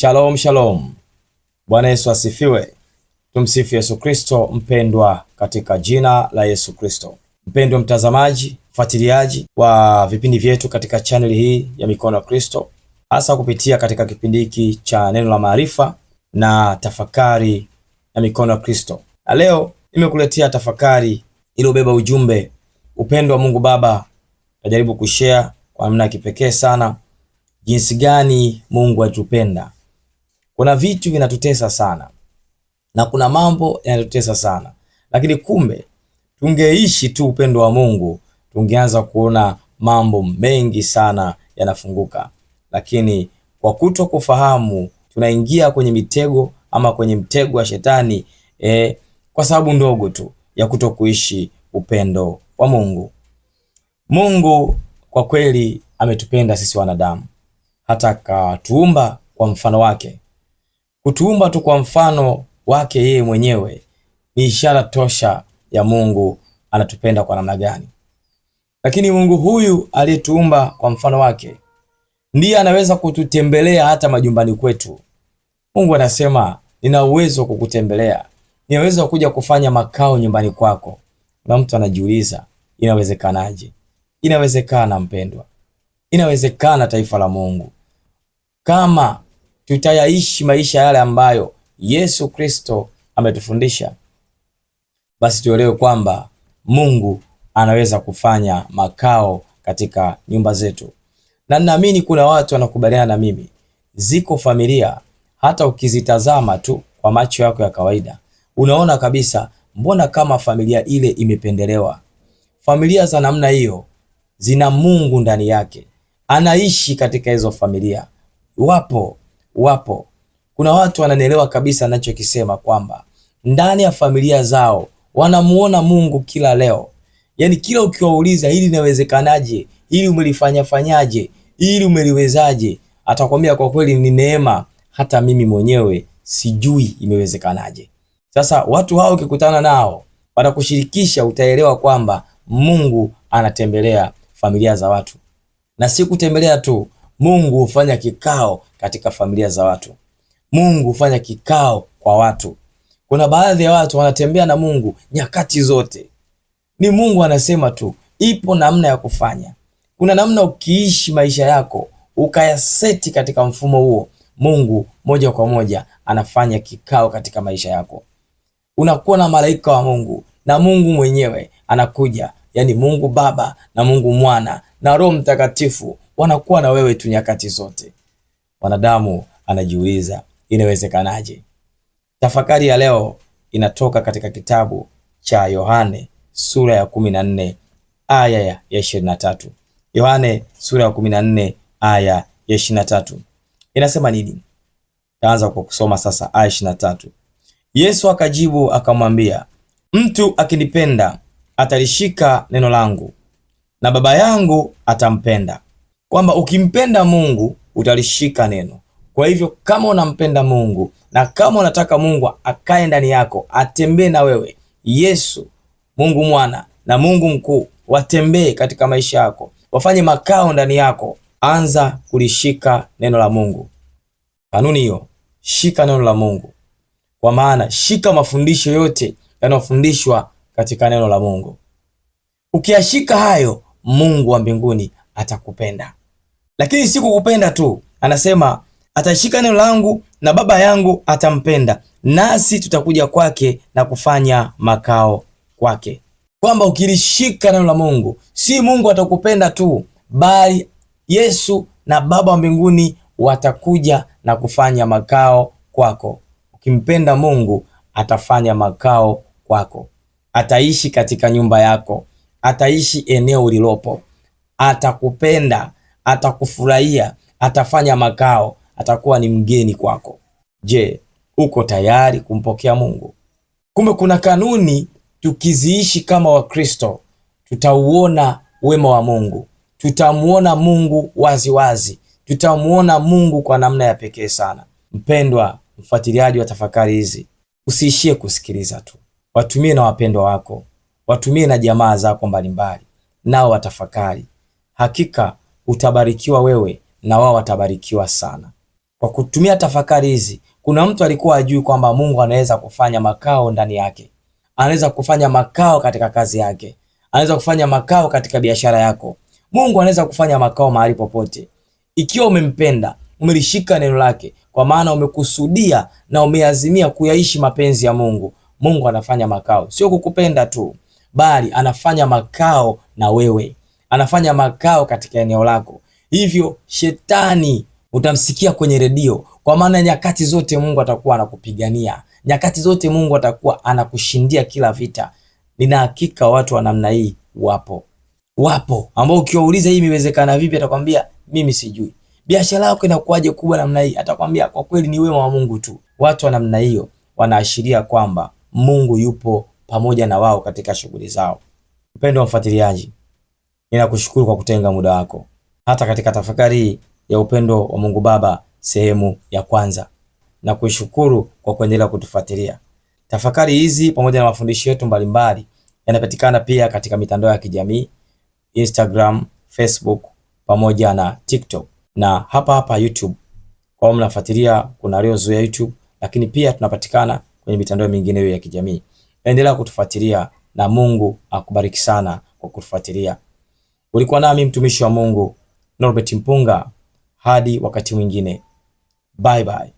Shalom shalom, Bwana Yesu asifiwe. Tumsifu Yesu Kristo. Mpendwa katika jina la Yesu Kristo, mpendwa mtazamaji, mfuatiliaji wa vipindi vyetu katika chaneli hii ya Mikono ya Kristo, hasa kupitia katika kipindi hiki cha neno la maarifa na tafakari ya Mikono ya Kristo, na leo nimekuletea tafakari iliyobeba ujumbe upendo wa Mungu Baba. Najaribu kushare kwa namna ya kipekee sana jinsi gani Mungu atupenda kuna vitu vinatutesa sana na kuna mambo yanatutesa sana, lakini kumbe tungeishi tu upendo wa Mungu, tungeanza kuona mambo mengi sana yanafunguka, lakini kwa kuto kufahamu tunaingia kwenye mitego ama kwenye mtego wa shetani eh, kwa sababu ndogo tu ya kuto kuishi upendo wa Mungu. Mungu kwa kweli ametupenda sisi wanadamu, hata akatuumba kwa mfano wake. Kutuumba tu kwa mfano wake yeye mwenyewe ni ishara tosha ya Mungu anatupenda kwa namna gani. Lakini Mungu huyu aliyetuumba kwa mfano wake ndiye anaweza kututembelea hata majumbani kwetu. Mungu anasema nina uwezo wa kukutembelea, ninaweza kuja kufanya makao nyumbani kwako. Na mtu anajiuliza inawezekanaje? Inawezekana mpendwa, inawezekana taifa la Mungu, kama tutayaishi maisha yale ambayo Yesu Kristo ametufundisha, basi tuelewe kwamba Mungu anaweza kufanya makao katika nyumba zetu, na ninaamini kuna watu wanakubaliana na mimi. Ziko familia hata ukizitazama tu kwa macho yako ya kawaida, unaona kabisa, mbona kama familia ile imependelewa. Familia za namna hiyo zina Mungu ndani yake, anaishi katika hizo familia. Wapo wapo. Kuna watu wananielewa kabisa anachokisema kwamba ndani ya familia zao wanamuona Mungu kila leo, yaani kila ukiwauliza hili inawezekanaje hili umelifanyafanyaje hili umeliwezaje, atakwambia kwa kweli ni neema, hata mimi mwenyewe sijui imewezekanaje. Sasa watu hao ukikutana nao wanakushirikisha utaelewa kwamba Mungu anatembelea familia za watu, na si kutembelea tu, Mungu hufanya kikao katika familia za watu. Mungu hufanya kikao kwa watu. Kuna baadhi ya watu wanatembea na Mungu nyakati zote, ni Mungu anasema tu. Ipo namna ya kufanya, kuna namna ukiishi maisha yako ukayaseti katika mfumo huo, Mungu moja kwa moja anafanya kikao katika maisha yako. Unakuwa na malaika wa Mungu na Mungu mwenyewe anakuja, yaani Mungu Baba na Mungu Mwana na Roho Mtakatifu wanakuwa na wewe tu nyakati zote. Wanadamu anajiuliza inawezekanaje? Tafakari ya leo inatoka katika kitabu cha Yohane sura ya kumi na nne aya ya ishirini na tatu. Yohane sura ya kumi na nne aya ya ishirini na tatu inasema nini? Taanza kwa kusoma sasa aya ishirini na tatu. Yesu akajibu akamwambia, mtu akinipenda atalishika neno langu, na Baba yangu atampenda kwamba ukimpenda Mungu utalishika neno. Kwa hivyo kama unampenda Mungu na kama unataka Mungu akae ndani yako, atembee na wewe, Yesu Mungu mwana na Mungu mkuu watembee katika maisha yako, wafanye makao ndani yako, anza kulishika neno la Mungu. Kanuni hiyo, shika neno la Mungu, kwa maana shika mafundisho yote yanayofundishwa katika neno la Mungu. Ukiyashika hayo, Mungu wa mbinguni atakupenda lakini si kukupenda tu, anasema atashika neno langu na Baba yangu atampenda, nasi tutakuja kwake na kufanya makao kwake. Kwamba ukilishika neno la Mungu, si Mungu atakupenda tu, bali Yesu na Baba wa mbinguni watakuja na kufanya makao kwako. Ukimpenda Mungu atafanya makao kwako, ataishi katika nyumba yako, ataishi eneo ulilopo, atakupenda atakufurahia, atafanya makao, atakuwa ni mgeni kwako. Je, uko tayari kumpokea Mungu? Kumbe kuna kanuni, tukiziishi kama Wakristo tutauona wema wa Mungu, tutamuona Mungu waziwazi wazi. Tutamuona Mungu kwa namna ya pekee sana. Mpendwa mfuatiliaji wa tafakari hizi, usiishie kusikiliza tu, watumie na wapendwa wako, watumie na jamaa zako mbalimbali, nao watafakari. Hakika utabarikiwa wewe na wao watabarikiwa sana. Kwa kutumia tafakari hizi, kuna mtu alikuwa ajui kwamba Mungu anaweza kufanya makao ndani yake, anaweza kufanya makao katika kazi yake, anaweza kufanya makao katika biashara yako. Mungu anaweza kufanya makao mahali popote, ikiwa umempenda, umelishika neno lake, kwa maana umekusudia na umeazimia kuyaishi mapenzi ya Mungu. Mungu anafanya makao, sio kukupenda tu, bali anafanya makao na wewe anafanya makao katika eneo lako. Hivyo shetani utamsikia kwenye redio, kwa maana nyakati zote Mungu atakuwa anakupigania, nyakati zote Mungu atakuwa anakushindia kila vita. Nina hakika watu wa namna hii wapo, wapo ambao ukiwauliza hii imewezekana vipi, atakwambia mimi sijui. Biashara yako inakuwaje kubwa namna hii? Atakwambia kwa kweli ni wema wa Mungu tu. Watu wa namna hiyo wanaashiria kwamba Mungu yupo pamoja na wao katika shughuli zao. Mpendwa mfuatiliaji, Ninakushukuru kwa kutenga muda wako hata katika tafakari ya upendo wa Mungu Baba sehemu ya kwanza, na kushukuru kwa kuendelea kutufuatilia. Tafakari hizi pamoja na mafundisho yetu mbalimbali yanapatikana pia katika mitandao ya kijamii Instagram, Facebook pamoja na TikTok na hapa hapa YouTube. Kwa mnafuatilia kuna Leo ya YouTube, lakini pia tunapatikana kwenye mitandao mingine ya kijamii. Endelea kutufuatilia na Mungu akubariki sana kwa kutufuatilia. Ulikuwa nami mtumishi wa Mungu Norbert Mpunga, hadi wakati mwingine, bye bye.